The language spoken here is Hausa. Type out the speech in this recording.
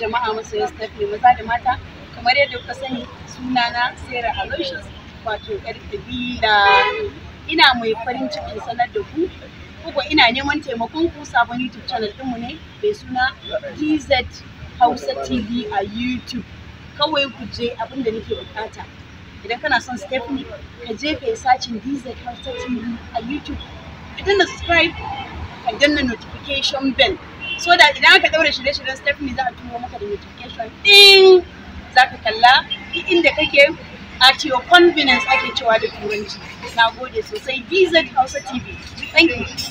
jama'a yin stafi maza da mata kamar yadda kuka sani sunana sarah aloysius wato yar kabila ina mai farin cikin sanar da ku kuma ina neman taimakon ku sabon youtube channel ɗinmu ne mai suna dz hausa tv a youtube kawai ku je abinda nake bukata idan kana son stephanie ka je ka sacin dz hausa tv a youtube ka danna subscribe ka danna notification bell so da idan aka daura shirye-shiryen Stephanie za a turo maka da notification din za ka kalla inda kake at your convenience ake cewa da turanci na gode sosai dz hausa tv thank you